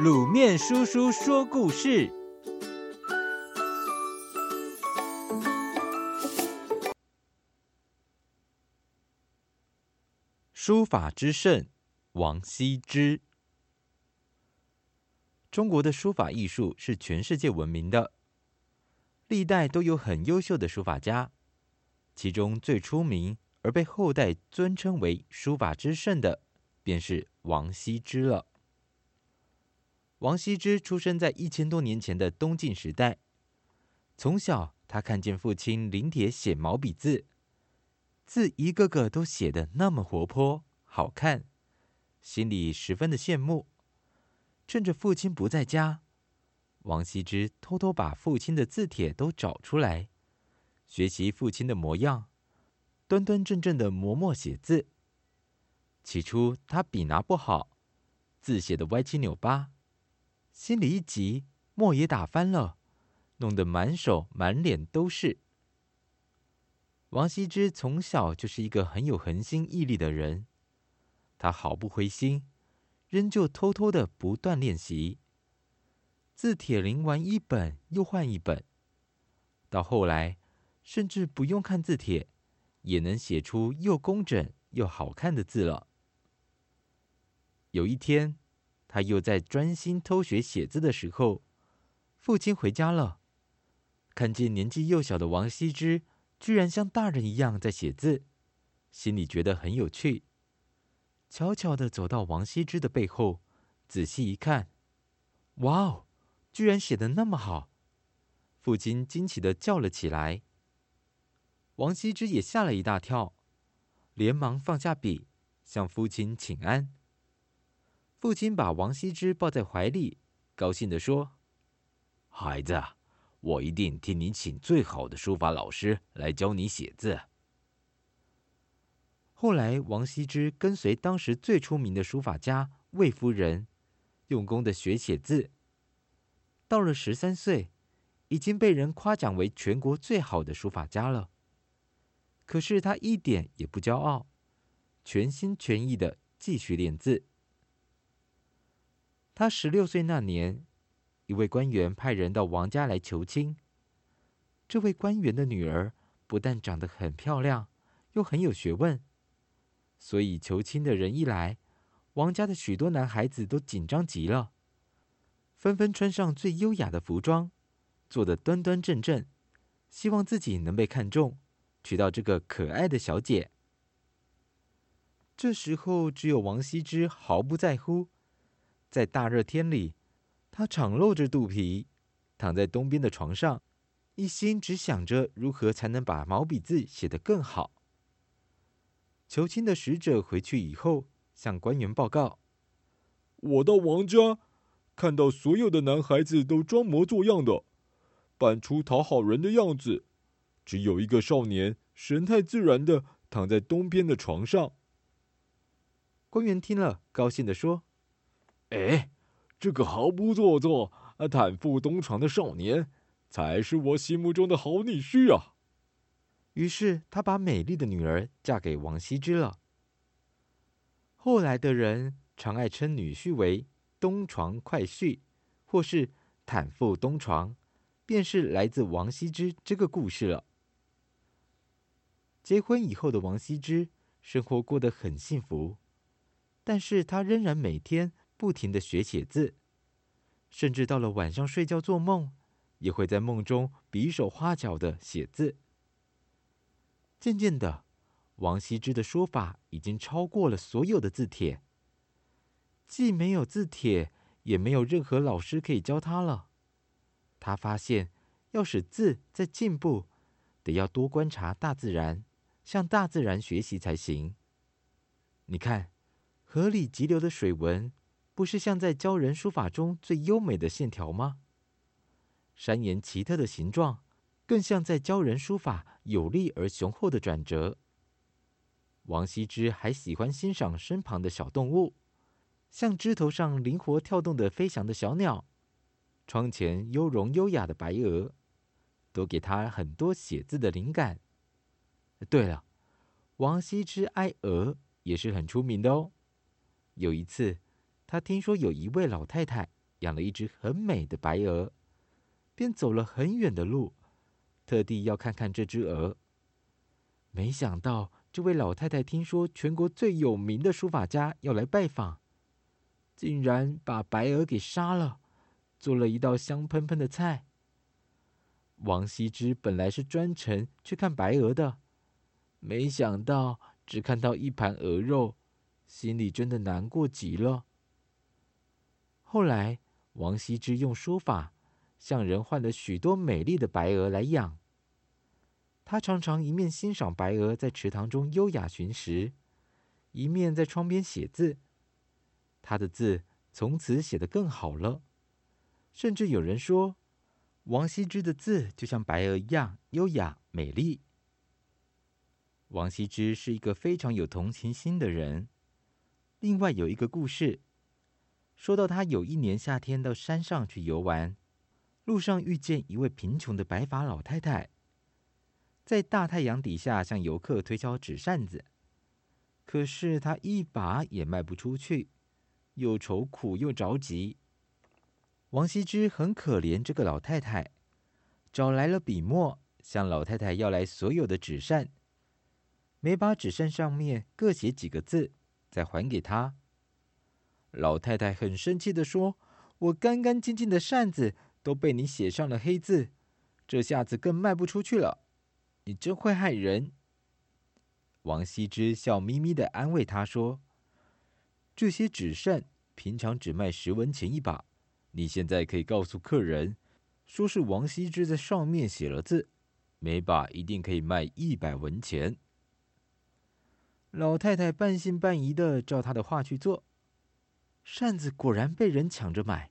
魯面叔叔說故事：書法之聖王羲之。中國的書法藝術是全世界聞名的，歷代都有很優秀的書法家，其中最出名而被後代尊稱為書法之聖的，便是王羲之了。王羲之出生在一千多年前的東晉時代。從小，他看見父親臨帖寫毛筆字，字一個個都寫得那麼活潑好看，心裡十分的羨慕。趁着父親不在家，王羲之偷偷把父親的字帖都找出來，學習父親的模樣，端端正正的磨墨寫字。起初，他筆拿不好，字寫的歪七扭八。心裡一急，墨也打翻了，弄得滿手滿臉都是。王羲之從小就是一個很有恆心毅力的人，他毫不灰心，仍舊偷偷的不斷練習，字帖臨完一本又換一本，到後來甚至不用看字帖，也能寫出又工整又好看的字了。有一天，他又在專心偷學寫字的時候，父親回家了，看見年紀幼小的王羲之居然像大人一樣在寫字，心裡覺得很有趣，悄悄的走到王羲之的背後，仔細一看，哇哦，居然寫的那麼好，父親驚奇的叫了起來。王羲之也嚇了一大跳，連忙放下筆，向父親請安。父親把王羲之抱在懷裡，高興地說：“孩子，我一定替你請最好的書法老師來教你寫字。”後來，王羲之跟隨當時最出名的書法家衛夫人，用功的學寫字。到了十三歲，已經被人誇獎為全國最好的書法家了。可是他一點也不驕傲，全心全意的繼續練字。他十六歲那年，一位官員派人到王家來求親。這位官員的女兒不但長得很漂亮，又很有學問，所以求親的人一來，王家的許多男孩子都緊張極了，紛紛穿上最優雅的服裝，坐得端端正正，希望自己能被看中，娶到這個可愛的小姐。這時候，只有王羲之毫不在乎。在大熱天裡，他敞露着肚皮，躺在東邊的床上，一心只想着如何才能把毛筆字寫得更好。求親的使者回去以後，向官員報告：“我到王家，看到所有的男孩子都裝模作樣的，扮出討好人的樣子，只有一個少年神態自然的躺在東邊的床上。”官員聽了，高興的說。哎，這個毫不做作，啊，坦腹東床的少年，才是我心目中的好女婿啊！於是他把美麗的女兒嫁給王羲之了。後來的人常愛稱女婿為“東床快婿”或是“坦腹東床”，便是來自王羲之這個故事了。結婚以後的王羲之，生活過得很幸福，但是他仍然每天，不停的學寫字，甚至到了晚上睡覺做夢，也會在夢中比手畫腳的寫字。漸漸的，王羲之的書法已經超過了所有的字帖，既沒有字帖，也沒有任何老師可以教他了。他發現，要使字再進步，得要多觀察大自然，向大自然學習才行。你看，河裡急流的水紋。不是像在教人書法中最優美的線條嗎？山岩奇特的形狀，更像在教人書法有力而雄厚的轉折。王羲之還喜歡欣賞身旁的小動物，像枝頭上靈活跳動的飛翔的小鳥，窗前雍容優雅的白鵝，都給他很多寫字的靈感。對了，王羲之愛鵝也是很出名的哦。有一次，他聽說有一位老太太養了一隻很美的白鵝，便走了很遠的路，特地要看看這隻鵝。沒想到，這位老太太聽說全國最有名的書法家要來拜訪，竟然把白鵝給殺了，做了一道香噴噴的菜。王羲之本來是專程去看白鵝的，沒想到只看到一盤鵝肉，心裡真的難過極了。後來，王羲之用書法向人換了許多美麗的白鵝來養。他常常一面欣賞白鵝在池塘中優雅尋食，一面在窗邊寫字。他的字從此寫得更好了，甚至有人說，王羲之的字就像白鵝一樣優雅美麗。王羲之是一個非常有同情心的人。另外有一個故事。說到他有一年夏天到山上去遊玩，路上遇見一位貧窮的白髮老太太，在大太陽底下向遊客推銷紙扇子，可是他一把也賣不出去，又愁苦又着急。王羲之很可憐這個老太太，找來了筆墨，向老太太要來所有的紙扇，每把紙扇上面各寫幾個字，再還給她。老太太很生氣地說：“我乾乾淨淨的扇子都被你寫上了黑字，這下子更賣不出去了。你真會害人。”王羲之笑眯眯地安慰她說：“這些紙扇平常只賣十文錢一把，你現在可以告訴客人，說是王羲之在上面寫了字，每把一定可以賣一百文錢。”老太太半信半疑地照他的話去做。扇子果然被人搶着買，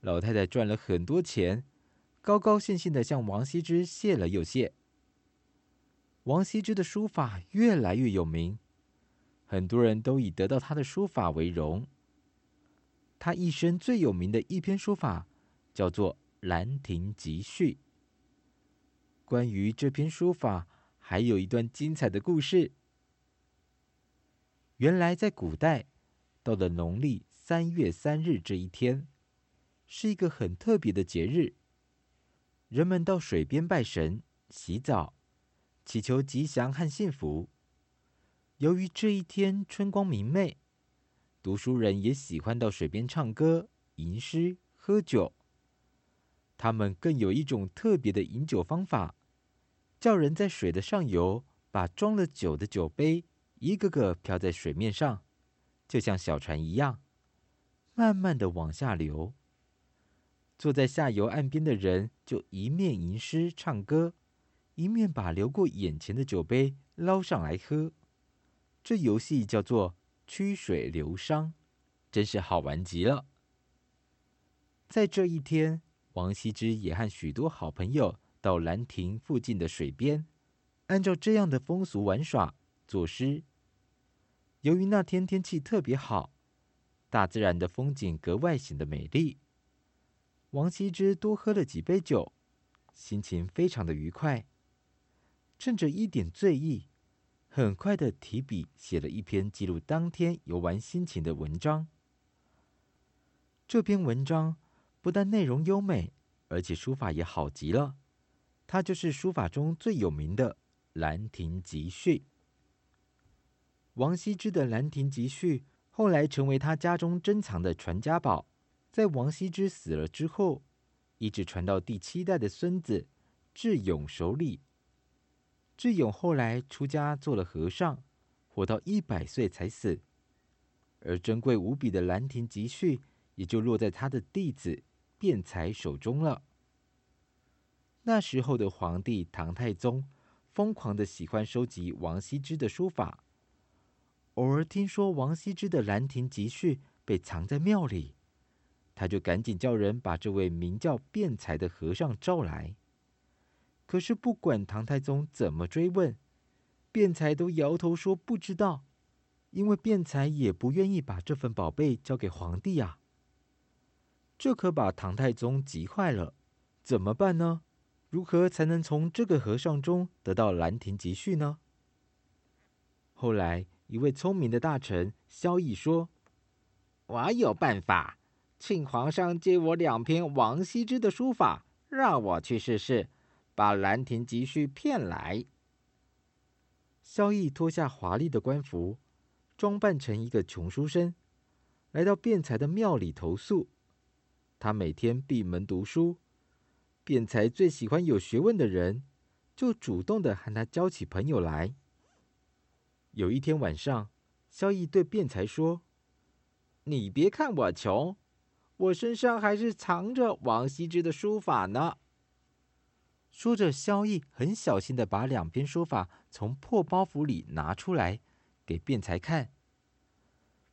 老太太賺了很多錢，高高興興的向王羲之謝了又謝。王羲之的書法越來越有名，很多人都以得到他的書法為榮。他一生最有名的一篇書法叫做《蘭亭集序》。關於這篇書法，還有一段精彩的故事。原來在古代，到了農曆三月三日這一天，是一個很特別的節日。人們到水邊拜神、洗澡，祈求吉祥和幸福。由於這一天春光明媚，讀書人也喜歡到水邊唱歌、吟詩、喝酒。他們更有一種特別的飲酒方法，叫人在水的上游把裝了酒的酒杯一個個漂在水面上。就像小船一樣，慢慢的往下流。坐在下游岸邊的人，就一面吟詩唱歌，一面把流過眼前的酒杯撈上來喝。這遊戲叫做“曲水流觴”，真是好玩極了。在這一天，王羲之也和許多好朋友到蘭亭附近的水邊，按照這樣的風俗玩耍、作詩。由於那天天氣特別好，大自然的風景格外顯得美麗。王羲之多喝了幾杯酒，心情非常的愉快。趁着一點醉意，很快的提筆寫了一篇記錄當天遊玩心情的文章。這篇文章不但內容優美，而且書法也好極了。它就是書法中最有名的《蘭亭集序》。王羲之的《蘭亭集序》後來成為他家中珍藏的傳家寶，在王羲之死了之後，一直傳到第七代的孫子智永手裡。智永後來出家做了和尚，活到一百歲才死，而珍貴無比的《蘭亭集序》也就落在他的弟子辯才手中了。那時候的皇帝唐太宗瘋狂地喜歡收集王羲之的書法。偶爾聽說王羲之的《蘭亭集序》被藏在廟裡，他就趕緊叫人把這位名叫辯才的和尚召來。可是不管唐太宗怎麼追問，辯才都搖頭說不知道，因為辯才也不願意把這份寶貝交給皇帝啊。這可把唐太宗急壞了，怎麼辦呢？如何才能從這個和尚中得到《蘭亭集序》呢？後來，一位聰明的大臣蕭逸說：“我有辦法，請皇上借我兩篇王羲之的書法，讓我去試試，把《蘭亭集序》騙來。”蕭逸脫下華麗的官服，裝扮成一個窮書生，來到辯才的廟裡投宿。他每天閉門讀書，辯才最喜歡有學問的人，就主動地和他交起朋友來。有一天晚上，蕭逸對辯才說：“你別看我窮，我身上還是藏着王羲之的書法呢。”說着，蕭逸很小心地把兩篇書法從破包袱裡拿出來給辯才看。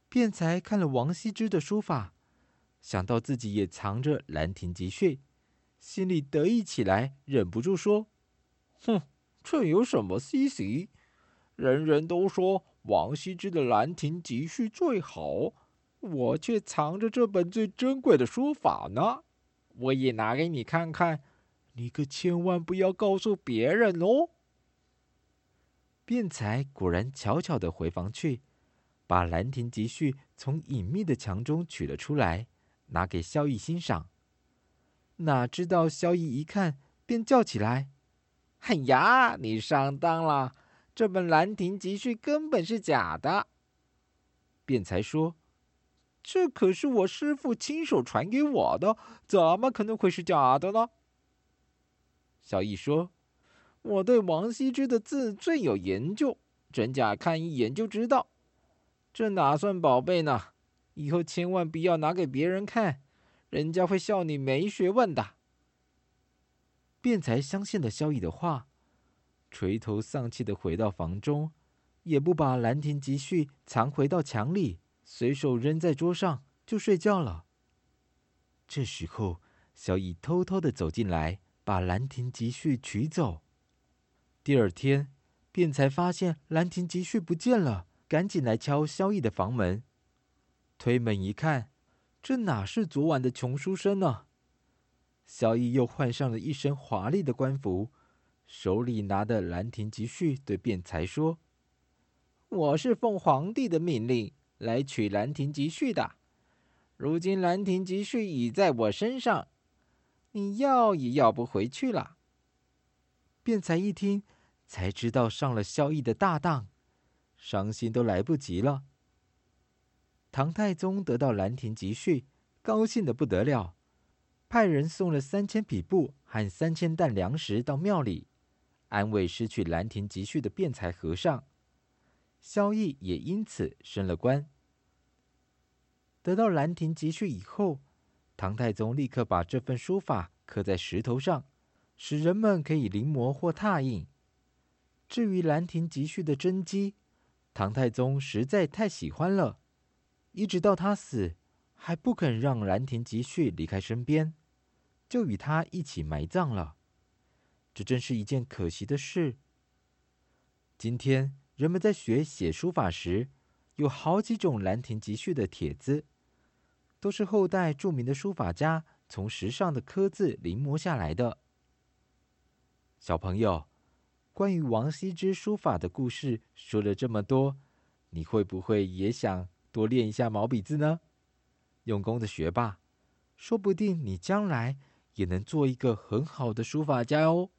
辯才看了王羲之的書法，想到自己也藏着《蘭亭集序》，心裡得意起來，忍不住說：“哼，這有什麼稀奇？”人人都說王羲之的《蘭亭集序》最好，我卻藏着這本最珍貴的書法呢。我也拿給你看看，你可千萬不要告訴別人哦。辯才果然悄悄地回房去，把《蘭亭集序》從隱秘的牆中取了出來，拿給蕭逸欣賞。哪知道蕭逸一看便叫起來：“哎呀，你上當了！”這本《蘭亭集序》根本是假的，辯才說：“這可是我師父親手傳給我的，怎麼可能會是假的呢？”蕭翼說：“我對王羲之的字最有研究，真假看一眼就知道。這哪算寶貝呢？以後千萬不要拿給別人看，人家會笑你沒學問的。”辯才相信了蕭翼的話。垂頭喪氣地回到房中，也不把《蘭亭集序》藏回到牆裡，隨手扔在桌上就睡覺了。這時候，蕭翼偷偷地走進來，把《蘭亭集序》取走。第二天，辯才發現《蘭亭集序》不見了，趕緊來敲蕭翼的房門。推門一看，這哪是昨晚的窮書生呢？蕭翼又換上了一身華麗的官服。手裡拿的《蘭亭集序》，對辯才說：“我是奉皇帝的命令來取《蘭亭集序》的，如今《蘭亭集序》已在我身上，你要也要不回去了。”辯才一聽，才知道上了蕭翼的大當，傷心都來不及了。唐太宗得到《蘭亭集序》，高興得不得了，派人送了三千匹布和三千擔糧食到廟裡。安慰失去《蘭亭集序》的辯才和尚，蕭翼也因此升了官。得到《蘭亭集序》以後，唐太宗立刻把這份書法刻在石頭上，使人們可以臨摹或拓印。至於《蘭亭集序》的真跡，唐太宗實在太喜歡了，一直到他死，還不肯讓《蘭亭集序》離開身邊，就與他一起埋葬了。這真是一件可惜的事。今天人們在學寫書法時，有好幾種《蘭亭集序》的帖子，都是後代著名的書法家從石上的刻字臨摹下來的。小朋友，關於王羲之書法的故事說了這麼多，你會不會也想多練一下毛筆字呢？用功的學霸，說不定你將來也能做一個很好的書法家哦。